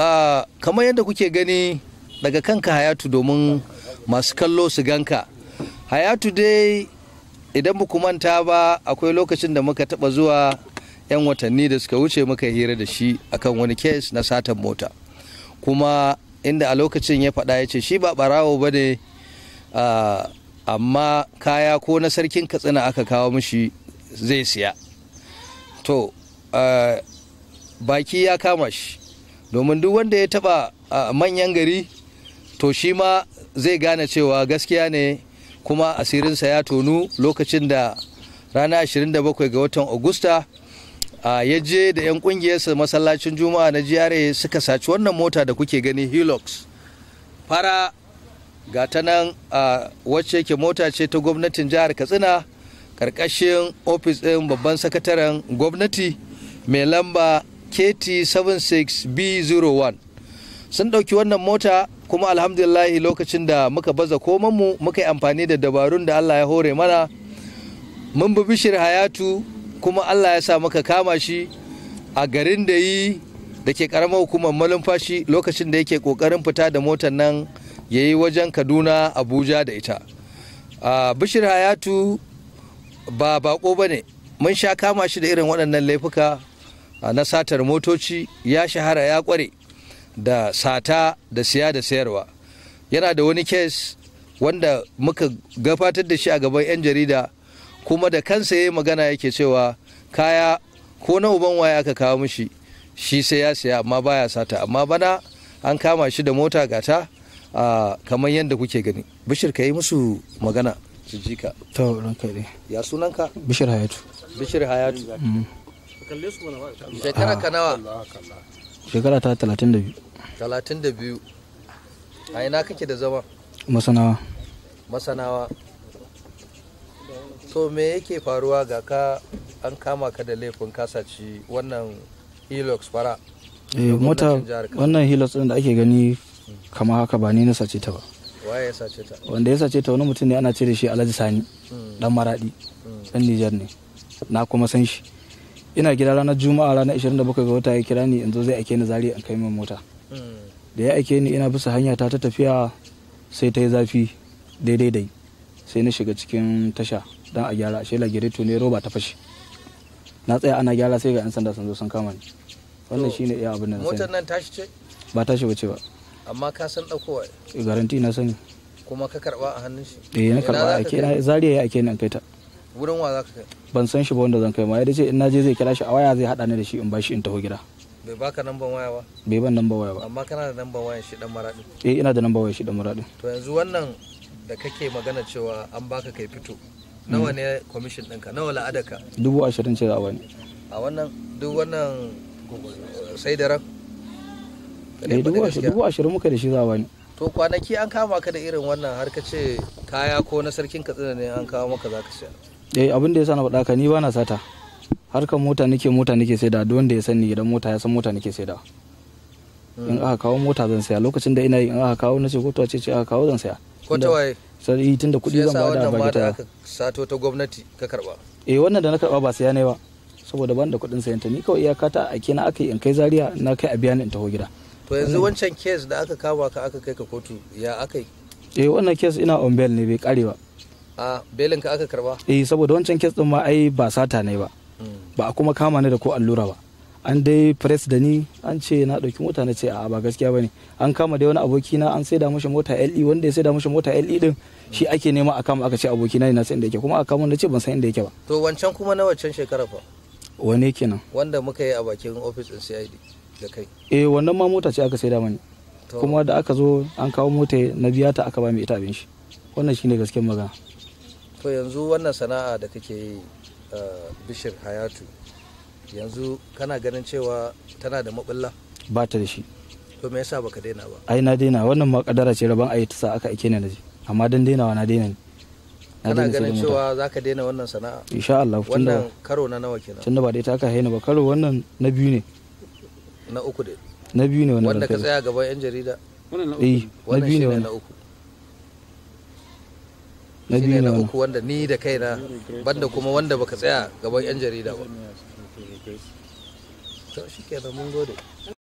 Uh, kamar yadda kuke gani daga kanka hayatu domin masu kallo su ganka hayatu dai idan ba manta ba akwai lokacin da muka taba zuwa 'yan watanni da suka wuce muka hira da shi akan wani kes na satan mota kuma inda a lokacin ya faɗa ya ce shi ba barawo ba ne ah, amma kaya ko na sarkin katsina aka kawo mishi zai siya to ah, baki ya kama shi domin duk wanda ya taba manyan gari to shi ma zai gane cewa gaskiya ne kuma asirinsa ya tonu lokacin da rana 27 ga watan Agusta ya je da 'yan kungiyarsa masallacin juma'a na GRA suka saci wannan mota da kuke gani Hilux fara ga ta nan wacce ke mota ce ta gwamnatin jihar Katsina karkashin ofis ɗin babban sakataren gwamnati mai lamba KT76B01 sun ɗauki wannan mota kuma alhamdulillahi lokacin da muka baza komanmu muka yi amfani da dabarun da Allah ya hore mana mun bi bishir hayatu kuma Allah ya sa muka kama shi a garin da yi da ke karamar hukumar malumfashi lokacin da yake kokarin fita da motar nan ya yi wajen kaduna abuja da ita bishir hayatu ba bako ba ne mun sha kama shi da irin waɗannan laifuka na satar motoci ya shahara ya kware da sata da siya da sayarwa yana da wani kes wanda muka gabatar da shi a gaban 'yan jarida kuma da kansa ya yi magana yake cewa kaya ko na uban waya aka kawo mishi shi sai ya siya amma baya sata amma bana an kama shi da mota gata kamar yadda kuke gani bishir ka yi musu magana su ji ka ya sunanka bishir hayatu mm. kalle su mana ba shekara ka nawa shekara ta 32 32 a ina kake da zama masanawa masanawa so me yake faruwa ga ka an kama ka da laifin kasaci wannan helix fara eh mota wannan hilux din da ake gani kama haka ba ni na sace ta ba waye ya sace ta wanda ya sace ta wani mutum ne ana ce da shi Alhaji Sani dan hmm. Maradi dan hmm. Nijar ne na kuma san shi ina gida ranar juma'a ranar 27 ga wata ya kira ni in zo zai aike ni zari an kai min mota hmm. da ya aike ni ina bisa hanya ta tafiya sai ta yi zafi daidai dai sai na shiga cikin tasha don a gyara ashe lagireto ne roba ta fashe na tsaya ana gyara sai ga 'yan sanda sun zo sun kama ni wannan shine iya abin da na sani motar nan tashi ce ba tashi ba ce ba amma ka san daukowa garanti na sani kuma ka karba a hannun shi eh na karba a zariya ya ake nan kai ta wurin wa za ka kai ban san shi ba wanda zan kai ma ya ce in naje zai kira shi a waya zai hada ni da shi in bashi in taho gida bai baka namban waya ba bai ban namban waya ba amma kana da namban wayan shi dan maradin eh ina da namban wayan shi dan maradin to yanzu wannan da kake magana cewa an baka kai fito nawa mm. ne commission ɗinka nawa la'adaka dubu ashirin ce za a bani a wannan duk wannan sai da ran eh, dubu ashirin muka da shi za bani to kwanaki an kama ka da irin wannan har ka ce kaya ko na sarkin katsina ne an kawo maka za ka siya eh abin da ya sani faɗa ka ni ba na sata harkar mota nake mota nake saida da wanda ya sani idan mota ya san mota nake saida in aka kawo mota zan saya lokacin da ina yi in aka kawo nace ko to ce ce aka kawo zan saya ko ta waye sai tunda kuɗi zan ba ta sato ta gwamnati ka karba eh wannan da na karba ba saya ne ba saboda ban da kuɗin sayanta ni kawai iyaka ta a kina aka yi in kai Zariya na kai a biya ni in taho gida to yanzu wancan kes da aka kama ka aka kai ka kotu ya aka yi eh wannan kes ina on bail ne bai kare ba a belin ka aka karba eh saboda wancan kes din ma ai ba sata ne ba hmm. ba a kuma kama ni da ko allura ba an dai press da ni an ce na dauki mota na ce a ba gaskiya bane an kama dai wani aboki na an saida mushi mota LE wanda ya saida mushi mota LE din shi ake nema a kama aka ce aboki na ne na san inda yake kuma aka kama na ce ban san inda yake ba to wancan kuma na wancan shekara fa wane kenan wanda muka yi a bakin office din CID da kai eh wannan ma mota ce aka saida mani kuma da aka zo an kawo mota na biya ta aka ba mai ita abin shi wannan shine gaskiyar magana to yanzu wannan sana'a da kake yi eh, bishir hayatu yanzu kana ganin cewa tana da maɓulla ba ta da shi to me yasa baka daina ba ai na daina wannan ma kadara ce rabon ayi ta sa aka ike ne na ji amma dan wa na daina ne kana ganin cewa za ka daina wannan sana'a insha Allah wannan karo na nawa kenan tunda ba dai ta aka haina ba karo wannan na biyu ne na uku ne. na biyu ne wannan wanda ka tsaya gaban yan jarida wannan na uku eh, na biyu ne na uku shine na uku wanda ni da kaina banda kuma wanda baka tsaya gaban yan jarida ba kenan mun